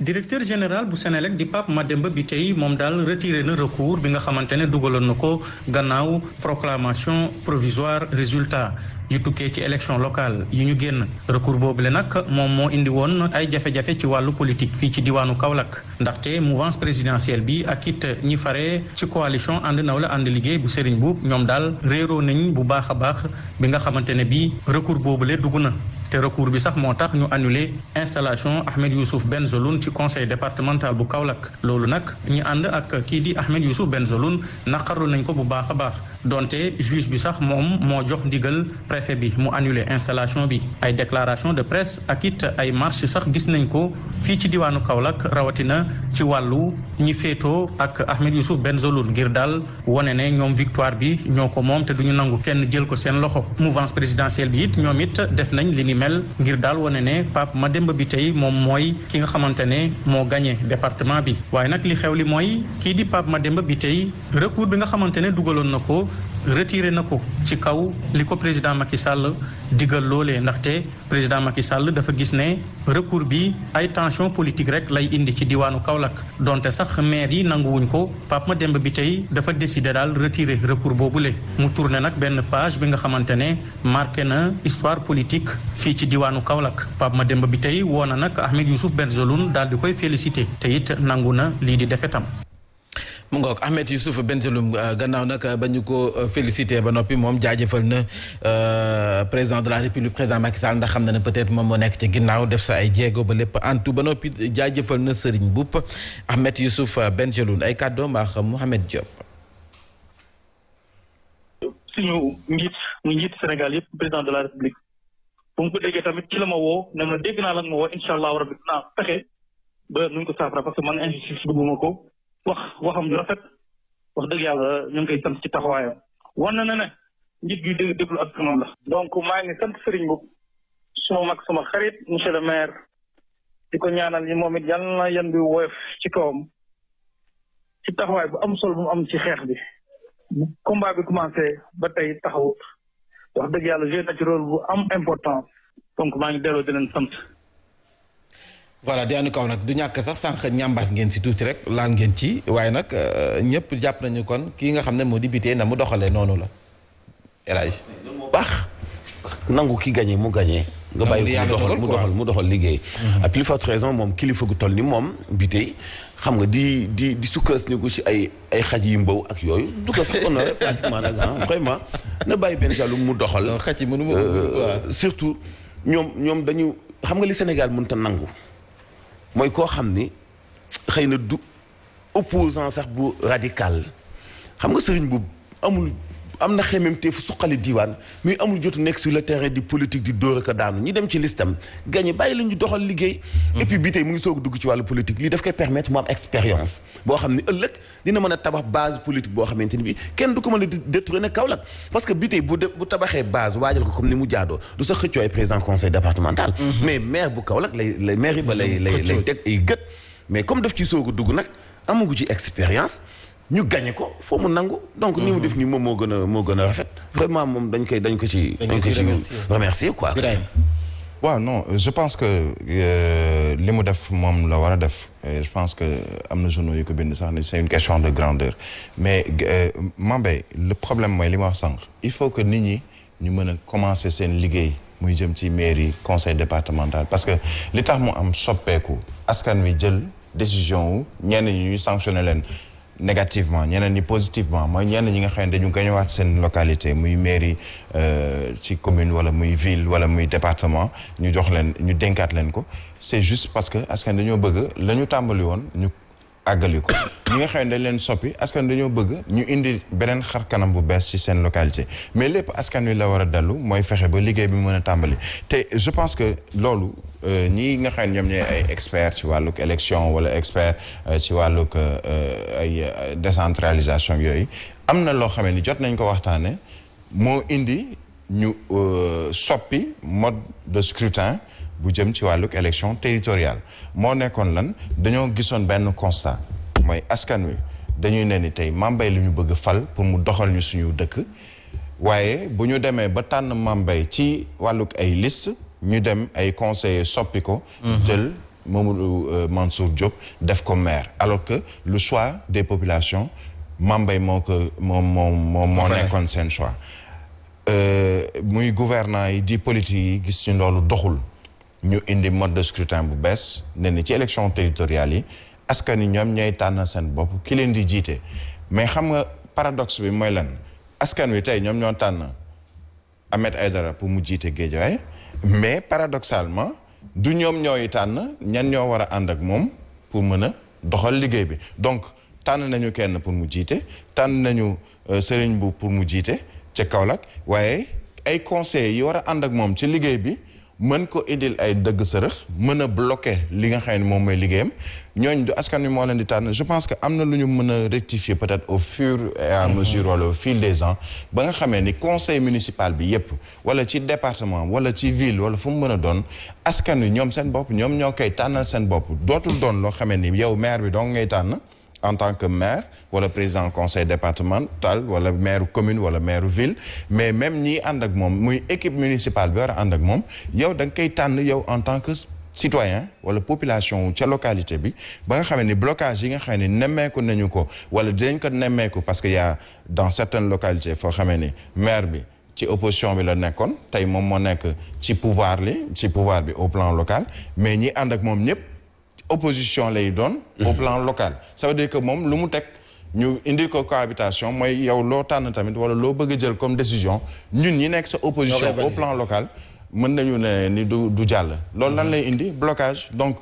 directeur général bu Sénélec di Pape Mademba bi tey moom daal retiré na recours bi nga xamante ne dugaloon na ko gannaaw proclamation provisoire résultat yu tukkee ci élection locale yi ñu génn recours boobu le nag moom moo indi woon ay jafe-jafe ci wàllu politique fii ci diwaanu Kaolack ndaxte mouvance présidentielle bi ak it ñi fare ci coalition ànd nawle ànd liggéey bu Serigne Boub ñoom daal réeroo nañ bu baax a baax bi nga xamante ne bi recours boobu le dugg na te recours bi sax moo tax ñu annulé installation Ahmed Youssouf Bengelloune ci conseil départemental bu Kaolack loolu nag ñi ànd ak kii di Ahmed Youssouf Bengelloune naqarlu nañ ko bu baax a baax donte juge bi sax moom moo jox ndigal préfet bi mu annuler installation bi ay déclaration de presse ak it ay marche sax gis nañ ko fii ci diwaanu Kaolack rawatina ci wàllu ñi féetoo ak Ahmed benn Bengelloune ngir daal wane ne ñoom victoire bi ñoo ko moom te duñu nangu kenn jël ko seen loxo mouvance présidentielle bi it ñoom it def nañ li ni mel ngir daal wane ne ma Mademba bi tey moom mooy ki nga xamante ne moo gagné département bi waaye nag li xew li mooy kii di Pape Mademba bi tey recours bi nga xamante ne dugaloon na ko retiré na ko ci kaw li ko président Macky Sall digal loolee ndaxte président Macky Sall dafa gis ne recours bi ay tension politique rek lay indi ci diwaanu Kaolack donte sax meer yi nanguwuñ ko Pape Mademba bi tey dafa décidé daal retiré boobu le mu tourné nag benn page bi nga xamante ne marqué na histoire politique fii ci diwaanu Kaolack Pape Mademba bi tey woo na nag Ahmed benn Bengelloune daal di koy félicité te it nangu na lii di defetam mu ngoog Ahmed Youssouf Bengelloune gannaaw nag euh, ba ñu ko euh, félicité ba noppi moom jëfal na euh, président de la république président Macky Sall ndax xam na ne peut-être moom moo nekk def sa ay jéego ba lépp antu ba noppi jaajëfal na Serigne Mboup Ahmed Youssouf Bengelloune ay kàddoom ak Mouhamed Diop. suñu njiit mu yëpp président de la république bu mu ko la ma ne ma naa lan woo incha allah rabi dinaa fexe ba nuñ ko saafara parce que man injustice bëgguma ko. wax waxam ju rafet wax dëgg yàlla ñu ngi sant ci taxawaayam. wan na ne njiit gi dégg déglu ak la. donc maa ngi sant Serigne Mboup suma mag suma xarit monsieur le maire di ko ñaanal yi moom it na yan bi woyof ci kawam ci taxawaay bu am solo bu am ci xeex bi. bu combat bi commencé ba tey taxawut wax dëgg yàlla joué na ci rôle bu am important donc maa ngi delloo di leen sant. voilà di anu kaw nag du ñàkk sax sànq ñàmbaas ngeen si tuuti rek laal ngeen ci waaye nag euh, ñëpp jàpp nañu kon kii nga xam ne moo di bitee nag mu doxalee noonu la élage baax nangu ki gagné mu gagné nga bàyyi mu doxal mu mu doxal liggéey mhm. à plus forte raison moom kilifa gu toll ni moom bitee xam nga di di di su ni ko ci ay ay xaj yi mbaw ak yooyu du ko sax honoré pratiquement vraiment na bàyyi benn jàllu mu doxal euh, surtout ñoom ñoom dañu xam nga li Sénégal mënut a nangu mooy koo xam ni xëy na du opposant sax bu radical xam nga sëriñ bu amul am na xemem te fu suqali diiwaan mais amul jotu nekk sur le terrain di politique di dóor ak daanu ñi dem ci listam gagné bàyyi la doxal liggéey mhm. et puis bii tey mu ngi soog dugg ci wàllu politique lii daf koy permettre mu am expérience boo xam ne ëllëg dina mën a tabax base politique boo xamante ni bi kenn du ko mën a détourné Kaolack parce que bii tey bu bu tabaxee base waajal ko comme ni mu jaadoo du sax xëccoo ay président conseil départemental mhm. mais maire bu Kaolack lay lay maire yi ba lay lay lay teg ay mais comme daf ciy soog a dugg nag amagu ci expérience ñu gagné ko foo mu nangu. donc ni mu mhm. def nii moom moo gën a moo gën a rafet. vraiment moom dañ koy dañ ko ci. dañ ko ci waaw non je pense que euh, li mu def moom la war a def je pense que am na journaux yu ko bind sax ne c'est une question de grandeur mais euh, bay le problème mooy li ma wax sànq il faut que nit ñi ñu mën a commencer seen liggéey muy jëm ci mairie conseil départemental parce que li tax mu am soppeeku askan wi jël décision wu ñenn ñi ñuy sanctionner leen. négativement ñeneen ñi positivement mooy ñenn ñi nga xam ne dañu gañowaat seen localité muy mairie euh, ci commune wala muy ville wala muy département ñu jox leen ñu dénkaat leen ko c'est juste parce que askan dañoo bëgg la ñu tàmbali woon ñu àggali ko ñi nga xam ne leen soppi askan dañoo bëgg ñu indi beneen xar kanam bu bees ci seen localité mais lépp askan wi la war a dallu mooy fexe ba liggéey bi mën a tàmbali te je pense que loolu euh, ñi nga xam ne ñoom ñooy ay expert ci wàlluk élection wala expert euh, ci wàlluk euh, ay décentralisation yooyu am na loo xamee ni jot nañ ko waxtaane moo indi ñu soppi mode de scrutin bu jëm ci wàlluk élection territoriale moo nekkoon lan dañoo gisoon benn constat mooy askan wi dañuy ne ni tey mambay lu ñu bëgg fal pour mu doxal ñu suñu dëkk waaye bu ñu demee ba tànn mambay ci wàlluk ay list ñu dem ay conseillers soppi ko mhm. jël Mamadou euh, Mansour Diop def ko maire alors que le choix des populations mambay moo ko moom moom moo nekkoon seen choix euh, muy gouvernant yi di politique yi gis ñu loolu doxul ñu indi mode de scrutin bu bees ne ni ci élection territoriales yi askan yi ñoom ñooy tànn seen bopp ki leen di jiite mais xam nga paradoxe bi mooy leen askan wi tey ñoom ñoo tànn ay dara pour mu jiite géej Guédiawaye mais paradoxalement du ñoom ñooy tànn ñan ñoo war a ànd ak moom pour mën a doxal liggéey bi donc tànn nañu kenn pour mu jiite tànn nañu euh, sëriñ bu pour mu jiite ca Kaolack waaye ay conseillers yi war a ànd ak moom ci liggéey bi mën ko indil ay dëgg sërëx mën a bloquer li nga xam ne moom mooy liggéeyam ñooñ du askan wi moo leen di tànn je pense que am na lu ñu mën a rectifier peut-être au fur et à mesure wala fil des ans ba nga xamee ni conseil municipal bi yépp wala ci département wala ci ville wala fu mu mën a doon askan wi ñoom seen bopp ñoom ñoo koy tànnal seen bopp dootul doon loo xamee ni yow maire bi dong ngay tànn en tant que maire wala président conseil départemental wala maire commune wala maire ville mais même ñiy ànd ak moom muy équipe municipale bi war a ànd ak moom yow da nga koy tànn yow en tant que citoyen wala population ca localité bi ba nga xamee ni blocage yi nga xamee ni nemmeeku nañu ko wala dinañ ko nemmeeku parce que y a dans certaines localité foo xamee ni maire bi ci opposition bi la nekkoon tey moom moo nekk ci pouvoir li ci pouvoir bi au plan local mais ñi ànd ak moom ñëpp opposition lay doon au mhm. local ñu indi ko cohabitation mooy yow loo tànn tamit wala loo bëgg a jël comme décision ñun ñi nekk sa opposition au plan local mën nañu ne ni du du jàll lool lan lay indi blocage donc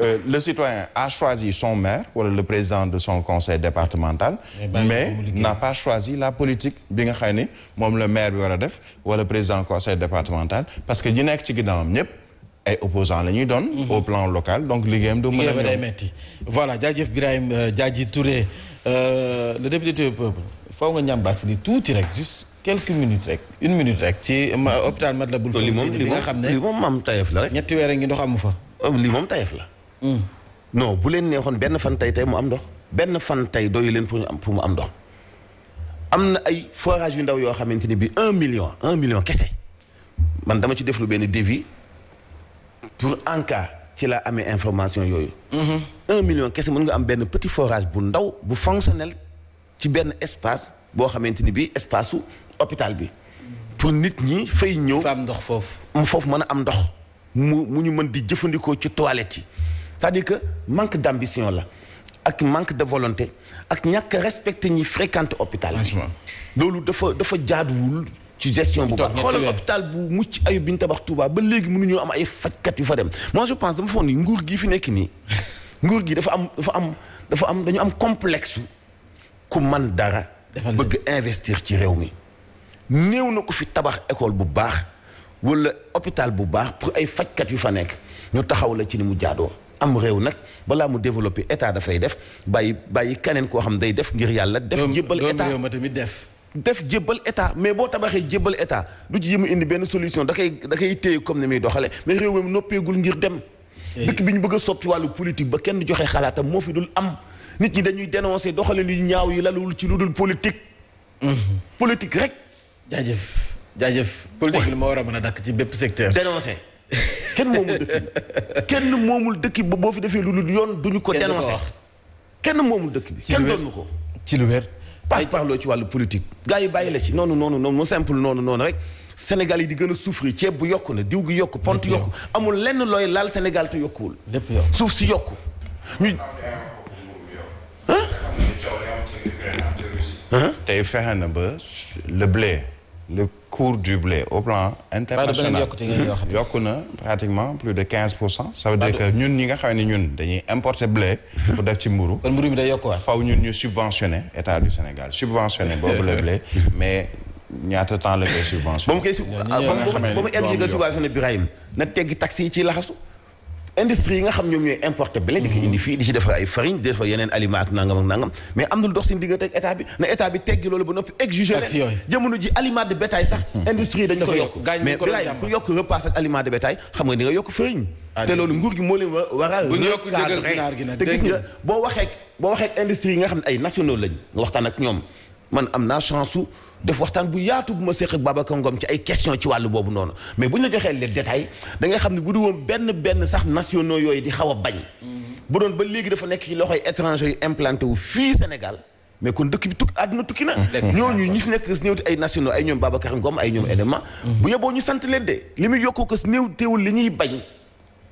Euh, le citoyen a choisi son maire wala le président de son conseil départemental mais n'a pas choisi la politique bi nga xam ne moom le maire bi war a def wala président conseil départemental parce que ñi nekk ci ginnaawam ñëpp ay opposants la ñuy doon mhm. au plan local donc liggéeyam du mën a Euh, le député du peuple faw nga ñambaas li tuuti rek juste quelques minutes rek une minute rek ci hôpital Matlaboul Fawzeyni li nga xam ne li moom maam tayef la rek ñetti weer ngi ndox amu fa euh, lii moom tayef la hmm. non bu leen neexoon benn fan tey tey mu am ndox benn fan tey doyu leen pour am pour mu am ndox am na ay forage yu ndaw yoo xamante ni bi un million un million kese man dama ci def lu benn devis pour en ci laa amee information yooyu. un million kese mën nga am benn petit forage bu ndaw bu fonctionnel ci benn espace boo xamante ni bii espace su bi. pour nit ñi fay ñëw. fa am ndox foofu. foofu mën a am ndox. mu mu ñu mën di jëfandikoo ci toilette yi cest di que manque d'ambition la ak manque de volonté ak ñàkk respecté ñi fréquente hôpital. loolu dafa dafa jaaduwul ci gestion bu baax xoolal hôpital bu mucc ayub biñ tabax Touba ba léegi mënuñoo am ay fajkat yu fa dem moi je pense dama foog ni nguur gi fi nekk nii nguur gi dafa am dafa am dafa am dañu am complexe ku man dara bëgg investir ci réew mi néew na ko fi tabax école bu baax wala hôpital bu baax pour ay fajkat yu fa nekk ñu taxaw la ci ni mu jaadoo am réew nag balaa mu développé état dafay def bàyyi bàyyi keneen koo xam day def ngir yàlla def jébbal état réew ma tamit def def jébbal état mais boo tabaxee jébbal état du ci yëmu indi benn solution da koy da koy téye comme ni muy doxale mais réew mi noppeegul ngir dem dëkk bi ñu bëgg a soppi wàllu politique ba kenn joxee xalaatam moo fi dul am nit ñi dañuy dénoncer doxale lu ñaaw yi lalul ci lu dul politique mhm. politique rek jaajëf jaajëf politique li ma war a mën a dakk ci bépp secteur dénoncer kenn moomul dëkk kenn moomul dëkk ba boo fi defee lu dul yoon duñu ko dénoncer kenn moomul dëkk bi kenn ko ci lu wér par parloo ci wàllu politique gars yi bàyyi la ci noonu noonu noonu mu simple noonu noonu rek Sénégal yi di gën a suuf souffrir ceeb bu yokku na diw gi yokku pont yokku amul lenn looy laal Sénégal te yokkuwul suuf si yokku tey fexe na ba le le cours du blé au plan international yokk na pratiquement plus de quinze pour cent ça veut dire que ñun ñi nga xam ne ñun dañuy importer blé mhm. pour def ci mburu mburu bi day yokkuwaat faw ñun ñu subventionné état du Sénégal subventionné boobu le blé mais ñaata temps la koy subventionné ba mu koy ba mu egg nga subventionné Birahim na teggi taxi yi ciy laxasu industrie yi nga xam ñoom ñooy importé blé di ko indi fii di ci defar ay farine di defar yeneen aliment ak nangam ak nangam mais am dox seen diggante ak état na état bi loolu ba noppi exigé leen aliment de bétail sax hmm. industrie dañ ko yokk mais yokk repas ak aliment de bétail xam nga di nga yokk farine ah, te loolu nguur gi moo leen war a te gis nga boo waxee industrie nga xam ne ay nationaux lañ nga waxtaan ak ñoom man am naa chance def waxtaan bu yaatu bu ma séq ak Babacar Ngom ci ay question ci wàllu boobu noonu mais bu ñu la joxee les détails da xam ne bu du woon benn benn sax nationaux yooyu di xaw a bañ bu doon ba léegi dafa nekk ci loxoy étranger yu implanté wu fii Sénégal mais kon dëkk bi tukki àdduna tukki na ñooñu ñi fi nekk si néewti ay nationaux ay ñoom Babacar ngoom ay ñoom élément mm-hmm. bu yeboo ñu sant leen de li muy yokku ko si néew teewul li ñuy bañ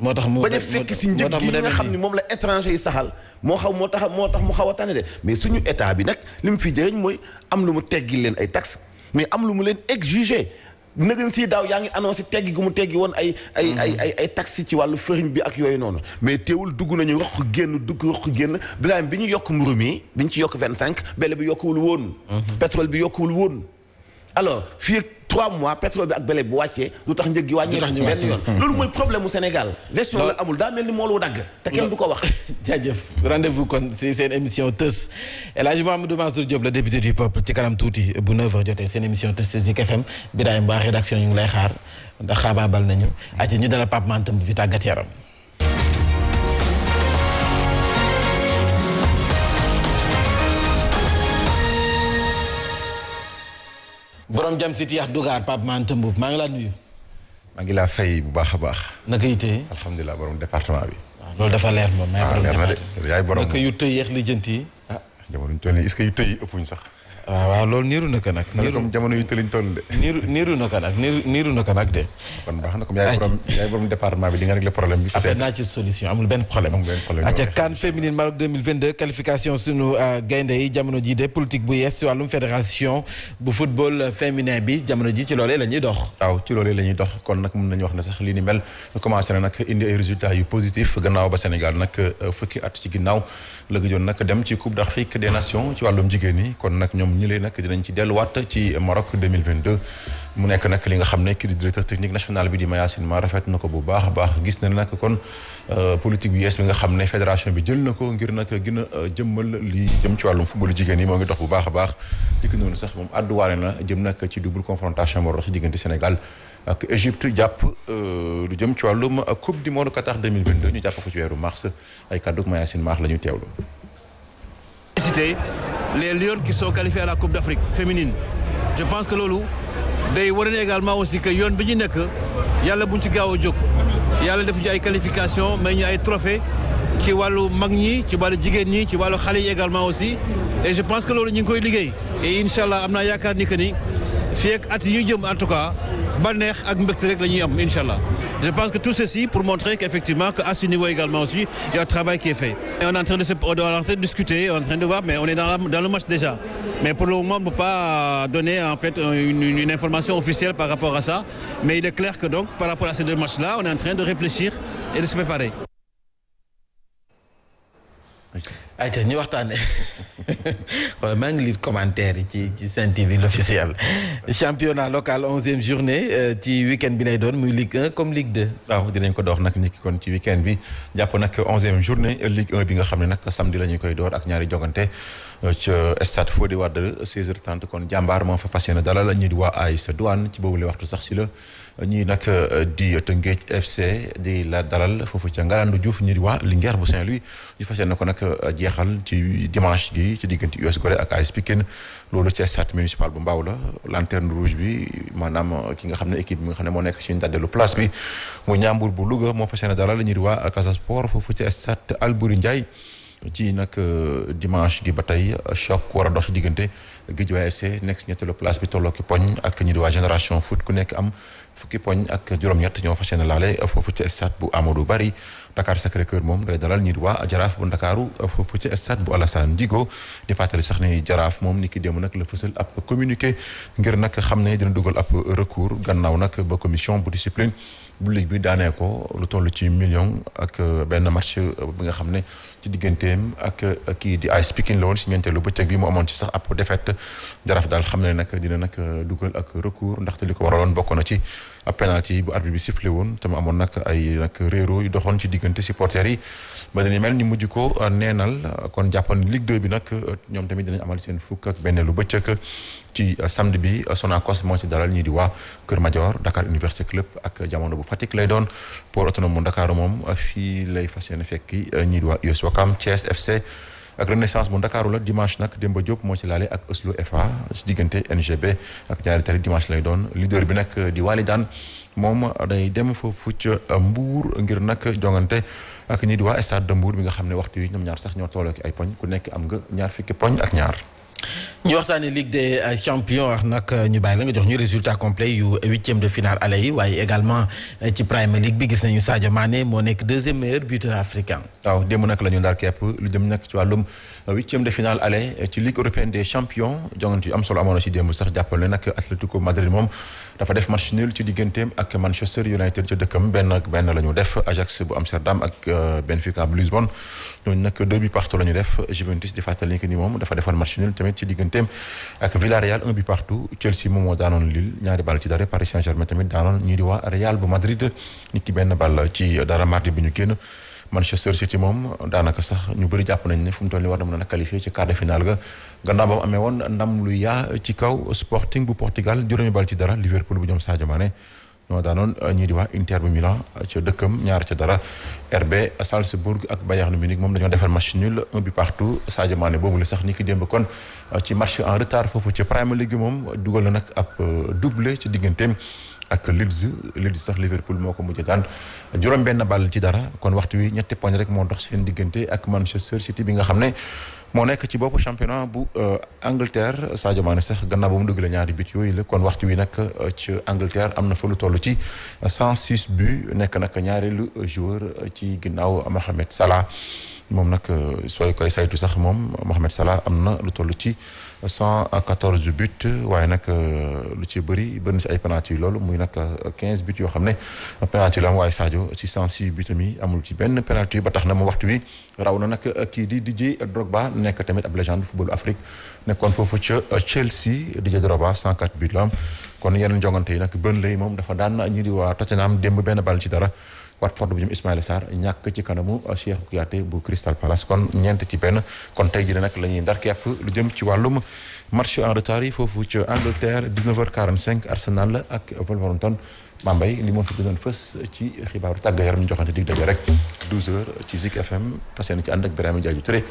moo tax mu bañ a fekk si njëg gi nga xam ni moom la étranger yi saxal moo xaw moo tax moo tax mu xaw a tane de mais suñu état bi nag li mu fi jëriñ mooy am lu mu teggi leen ay tax mais am lu mu leen exiger nëgën sii daaw yaa ngi annoncé teggi gu mu teggi woon ay ay mm. ay ci wàllu farine bi ak yooyu noonu mais teewul dugg nañu roq génn dugg roq génn bilaam bi ñu yokk mburu mi bi ñu ci yokk vingt cinq bele bi yokkuwul woon mm-hmm. pétrole bi yokkuwul woon alors fii trois mois pétrole bi ak bële bu wàccee lu tax njëg gi wàññeeku ci benn yoon loolu mooy problème mu Sénégal gestion la amul daa mel ni moolu dagg te kenn du ko wax jaajëf rendez-vous kon si seen émission tës El Hadji Mamadou Mansour la député du peuple ci kanam tuuti bu 9h jotee seen émission tës si Zik FM Birahim Ba rédaction ñu ngi lay xaar ndax xaabaabal nañu aca ñu dala Pape Matam bi tàggat yaram borom jam siti yax dugaar Pape Man Tëmbub maa ngi laa nuyu. maa ngi laa fay bu baax a baax. naka yitee. alhamdulilah borom département bi. waaw loolu dafa leer moom. waaw ah, leer na de yaay borom naka yu tëy yeex lijjanti yi. ah jamono ñu toll nii est-ce que yu tëy yi ëppuñ sax. Ah, waaw loolu niru na ko nag. niiru na ko nag niiru niiru na ko nag de. kon na comme yaay borom yaay borom département bi di nga régler problème bi. affaire naa ci solution amul benn problème. amul benn problème waaw CAN féminine Maroc 2022 qualification sunu euh, gaynde yi jamono ji de politique bu yees si wàllum fédération bu football féminin bi jamono ji ci loolee la ñuy dox. waaw ci loolee la ñuy dox kon nag mun nañu wax ne sax li ni mel commencé na nag indi ay résultats yu positif gannaaw ba Sénégal nag euh, fukki at ci ginnaaw. la gëjoon nag dem ci coupe d'Afrique des nations ci wàllum jigéen ñi kon nag ñoom ñi lay nag dinañ ci delluwaat ci Maroc 2022 mu nekk nag li nga xam ne kii di directeur technique national bi di Mayacine Ma rafet na ko bu baax a baax gis na nag kon euh, politique bi bi nga xam ne fédération bi jël na ko ngir nag gën a euh, jëmmal li jëm ci wàllum footballu jigéen yi moo ngi dox bu baax a baax dikk noonu sax moom àdduwaane na jëm nag ci double confrontation moo dox ci diggante ak Égypte jàpp euh, lu jëm ci wàllum coupe du monde Qatar 2022 ñu jàpp ko ci weeru mars ay kàddu Mayacine Mar la ñu teewlu. féliciter les lions qui sont qualifiés à la coupe d'Afrique féminine je pense que loolu day wane également aussi que yoon bi ñu nekk yàlla buñ ci gaaw a jóg yàlla def ci ay qualification mais ñu ay trophée ci wàllu mag ñi ci wàllu jigéen ñi ci wàllu xale yi également aussi et je pense que loolu ñu ngi koy liggéey et incha allah am naa yaakaar ni que ni fii jëm en tout cas. bànneex ak mbégte rek la am incha allah je pense que tout ceci pour montrer qu'effectivement qu'à ce niveau également aussi il y a un travail qui est fait. Et on est en train de se on est en train de discuter on est en train de voir mais on est dans, le match déjà mais pour le moment pas donner en fait une, information officielle par rapport à ça mais il est clair que donc par rapport à ces deux matchs là on est en train de réfléchir et de se préparer. ayca ñu waxtaane wala maa ngi lire commentaire yi ci ci Sen TV l'officiel championnat local onzième journée euh, ci week bi lay doon muy Ligue comme Ligue 2 waaw dinañ ko doox nag niki kon ci week bi jàpp nag onzième journée Ligue 1 bi nga xam ne nag samedi la ñu koy door ak ñaari jogante ca stade Fodé Wade 16h30 kon jàmbaar moo fa fas yéene dalal ñi di waa ay sa douane ci boobule waxtu sax si la ñii nag euh, di Tëngéej FC di la dalal foofu ca Ngalandou Diouf ñi di waa Linguère bu Saint-Louis ñu fas yéene ko nag euh, jeexal ci dimanche gi ci diggante US Gorée ak AS Pikine loolu ci stade municipal bu Mbaaw la lanterne rouge bi maanaam euh, ki nga xam ne équipe bi nga xam ne moo nekk ci ndaddeelu place bi mu ñaambur bu Louga moo fas yéene dalal ñi di waa Casa Sport foofu ca stade Albouri Ndiaye ci nag euh, dimanche gi ba tey choc wara dox ci diggante Guédiawaye FC nekk si ñetteelu place bi tolloo ki poñ ak ñi di waa génération foot ku nekk am fukki poñ ak juróom-ñett ñoo fas yéene laale foofu ci stade bu Amadou Barry Dakar Sacré Cœur moom day dalal ñi di waa Jaraaf bu Ndakaaru foofu ci stade bu Alassane Djigo di fàttali sax ni Jaraaf moom ni ki démb nag la fësal ab communiqué ngir nag xam ne dina dugal ab recours gannaaw nag ba commission bu discipline bu ligue bi daanee ko lu toll ci million ak euh, benn match bi nga xam ne. ci digganteem ak kii di AS Pikine la woon si lu bëccëg bi mu amoon ci sax ab défaite jaraaf daal xam ne nag dina nag euh, dugal ak recours ndaxte li ko waraloon bokk na ci ab penalty bu arbitre bi sifflé woon tam amoon nag ay nag réeroo yu doxoon ci diggante supporters yi ba dañuy mel ni mujj ko euh, neenal kon jàppoon Ligue 2 bi nag euh, ñoom tamit dinañ amal seen fukk ak benneelu bëccëg ci euh, samedi bi euh, Sonacos moo ci dalal ñii di waa Kër Madior Dakar Université Club ak jamono bu Fatick lay doon port autonome bu Dakar moom euh, fii lay fas yéene fekki ñii di waa US Ouakam Thiès FC ak Renaissance bu nag Demba Diop moo ci laale ak Oslo FA ci diggante NGB ak ñaari tari dimanche lay doon leader bi nag di Waly Daan moom day dem foofu ca Mbour ngir nag jongante ak ñii di waa Stade de Mbour bi nga xam ne waxtu yi ñoom ñaar sax ñoo tooloo ki ay poñ ku nekk am nga ñaar fukki poñ ak ñaar ñu waxtaanee Ligue des champions nag ñu bàyyi la nga jox ñu résultat complet yu huitième de finale aller yi waaye également ci Premier League bi gis nañu Sadio Mané moo nekk deuxième meilleur buteur africain. waaw démb nag la ñu ndar képp lu jëm nag ci wàllum huitième de finale aller ci Ligue européenne des champions jongante yu am solo amoon na ci démb sax jàppale nag Atlético Madrid moom dafa def match nul ci digganteem ak Manchester United ci dëkkam benn benn la ñu def Ajax bu Amsterdam ak euh, Benfica bu Lisbonne. ñooñu nag deux bi partout la ñu def Juventus di fàttali que ni moom dafa defoon match nul tamit ci digganteem ak Villarreal un bi partout moo daanoon Lille ñaari ball ci dara Paris Saint-Germain tamit daanoon ñii di waa Real bu Madrid nit ki benn ball ci dara mardi bi génn. Manchester City moom daanaka sax ñu bëri jàpp nañ ne fu mu toll nii war na mën a qualifié ci quart de finale ga gannaaw ba mu amee woon ndam lu yaa ci kaw Sporting bu Portugal juróomi bal ci dara Liverpool bu ñoom Sadio ñoo daanoon euh, ñii di wax Inter bu Milan euh, ca dëkkam ñaar ca dara RB Salzbourg ak Bayern Munich moom dañoo defar match nul un but partout Sadio Mané boobu la sax ni ki démb kon euh, ci match en retard foofu ca Premier League moom dugal na nag ab doublé ci digganteem. ak Leeds Leeds sax Liverpool moo ko mujjee daan juróom benn ball ci dara kon waxtu wi ñetti poñ rek moo dox seen diggante ak Manchester City bi nga xam ne moo nekk ci boppu championnat bu euh, Angleterre Sadio Mané sax gannaaw ba mu dugalee ñaari but yooyu la kon waxtu wi nag euh, ci Angleterre am na fa lu toll ci cent 106 but nekk nag lu joueur euh, ci ginnaaw Mohamed Salah moom nag sooy koy saytu sax moom Mohamed Salah am na lu toll ci. cent quatorze buts waaye nag euh, lu ci bëri bëri na si ay penalty loolu muy nag euh, quinze buts yoo xam ne penalty la am waaye Sadio ci cent six buts mi amul ci benn penalty ba tax na mu waxtu wi raw na nag euh, kii di Didier Drogba nekk tamit ab légende football Afrique nekkoon foofu ca Chelsea Didier Drogba cent quatre buts la am kon yeneen jongante yi nag Burnley moom dafa daan ñi di waa Tottenham démb benn bal ci dara. Watford bu ñoom Ismaïla Sarr ñàkk ci kanamu euh, Cheikhou Kouyaté bu Crystal Palace kon ñeent ci benn kon tey jii nag la ñuy ndar kepp lu jëm ci wàllum match en retard yi foofu ci Angleterre 19h45 Arsenal ak Wolverhampton Bambey li moo fi gënoon fës ci xibaaru tàggat yaram ñu joxante dig daje rek 12h ci Zik FM fas yéene ci ànd ak Birame Diadio Touré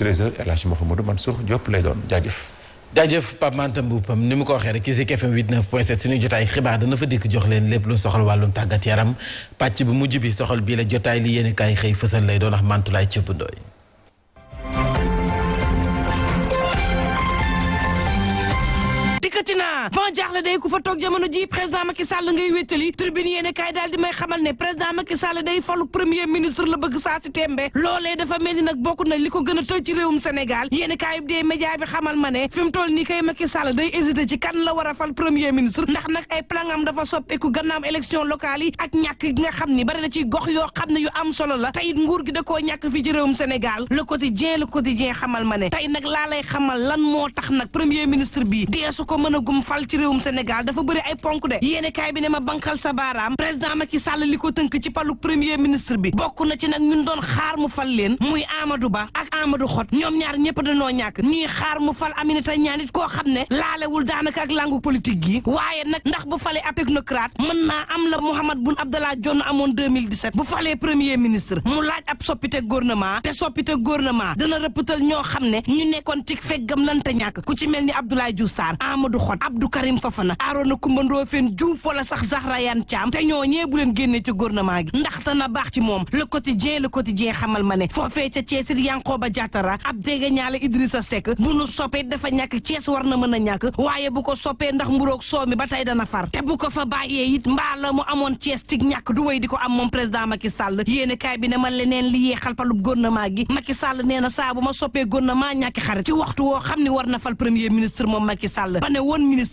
13h El Hadj Mouhamadou Mansour lay doon jaajëf. jaajëf pa Manta Mboup ni mu ko waxee rek ci Zik FM 89.7 suñu jotaay xibaar dana fa dikk jox leen lépp lu soxal wàllum tàggat yaram pàcc bu mujj bi soxal bi la jotaay li yéen kaay xëy fësal lay doon ax wax Mantulaay Cibundooy ban jaaxle day ku fa toog jamono ji président Macky Sall ngay wéttali tribune yéene kaay daal di may xamal ne président Macky Sall day falu premier ministre la bëgg saa si tembe loolee dafa mel ni nag bokk na li ko gën tëj ci réewum Sénégal yéene kaay bi dee bi xamal ma ne mu toll nii kay Macky Sall day hésité ci kan la war a fal premier ministre ndax nag ay plangam dafa soppeeku gannaaw élection locale yi ak ñàkk gi nga xam ni bari na ci gox yoo xam ne yu am solo la tey it nguur gi da koo ñàkk fii ci réewum Sénégal le quotidien le quotidien xamal ma ne tey nag laa lay xamal lan moo tax nag premier ministre bi deesu ko mën a fal ci réewum Sénégal dafa bëri ay ponk de yéene kaay bi ne ma bankal sa baaraam président Macky Sall li ko tënk ci palu premier ministre bi bokk na ci nag ñun doon xaar mu fal leen muy Amadou Ba ak Amadou Xot ñoom ñaar ñëpp dañoo ñàkk ñii xaar mu fal Aminata Ñaan it koo xam ne laalewul daanaka ak langue politique gi waaye nag ndax bu falee ab technocrate mën na am la Mouhamed Boun Abdallah Dionne amoon 2017 bu falee premier ministre mu laaj ab soppite gouvernement te soppite gouvernement dana rëppatal ñoo xam ne ñu nekkoon ci feggam lante ñàkk ku ci mel ni Abdoulaye Diouf Sarr Amadou Xot Abdou Karim Fafana Arona na Ndoffène Diouf wala sax Zahra Iyane Thiam te ñooñee bu leen génnee ci gouvernement gi ndax dana baax ci moom le quotidien le quotidien xamal ma ne foofee ca Thiès it ba Diattara ab jege ñaale Idrissa Seck bu nu soppee dafa ñàkk Thiès war na mën a ñàkk waaye bu ko soppee ndax mburoog soo mi ba tey dana far te bu ko fa bàyyee it mbaa la mu amoon Thiès tig ñàkk du wéy di ko am moom président Macky Sall yéene kaay bi ne man leneen li yeexal palub gouvernement gi Macky Sall nee na saa bu ma soppee gouvernement ñàkki xarit ci waxtu woo xam ne war na fal premier ministre moom Macky Sall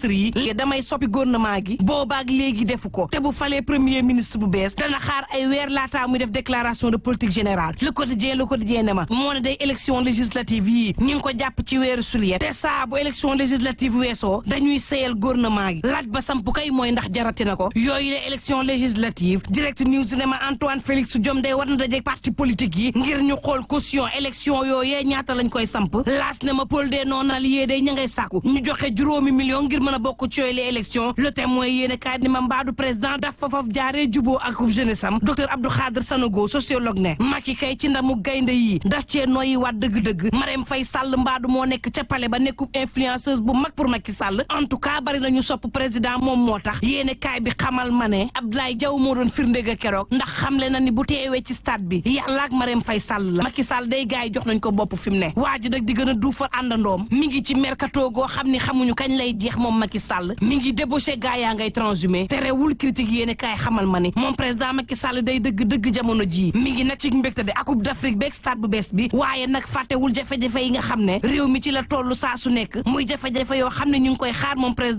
ministre yi ne damay soppi gouvernement gi boobaak léegi defu ko te bu falee premier ministre bu bees dana xaar ay weer laataa muy def déclaration de politique générale le quotidien le quotidien ne ma moo day élection législative yii ñu ngi ko jàpp ci weeru sulet te saa bu élection législative weesoo dañuy seyal gournement gi laaj ba samp kay mooy ndax jarati na ko yooy la élection législative direct news ne ma Antoine Félix Diome day war na dajeek parti politique yi ngir ñu xool caution élection yooyee ñaata lañ koy samp laas ma Paul Dénon Alié day ña ngay sàkku ñu joxe juróomi million ngir mën a bokk ci yooyu les élections le témoin yéen a kaay ni ma mbaadu président daf fa faf jaaree juboo ak jeunesse am docteur Abdou sociologue ne Macky kay ci ndamu gaynde yi daf cee nooyi waat dëgg-dëgg Marème Faye Sall mbaadu moo nekk ca palais ba nekkub influenceuse bu mak pour Macky Sall en tout cas bari nañu sopp président moom moo tax yéen kaay bi xamal ma ne Abdoulaye Diaw moo doon firnde ga keroog ndax xamle na ni bu teewee ci stade bi yàlla ak fay Sall la Macky Sall day gaay jox nañ ko bopp fi mu ne waa ji nag di gën a duufal àndandoom mi ngi ci xam ni xamuñu kañ lay moom mi ngi débauché gaa yaa ngay transhumé terewul critique yéene kaay xamal ma ne moom président Macky Sall day dëgg dëgg jamono jii mi ngi nag ci mbégte de ak Coupe d'Afrique beeg bu bees bi waaye nag fàttewul jafe-jafe yi nga xam ne réew mi ci la tollu saa nekk muy jafe-jafe yoo xam ne ñu koy xaar moom président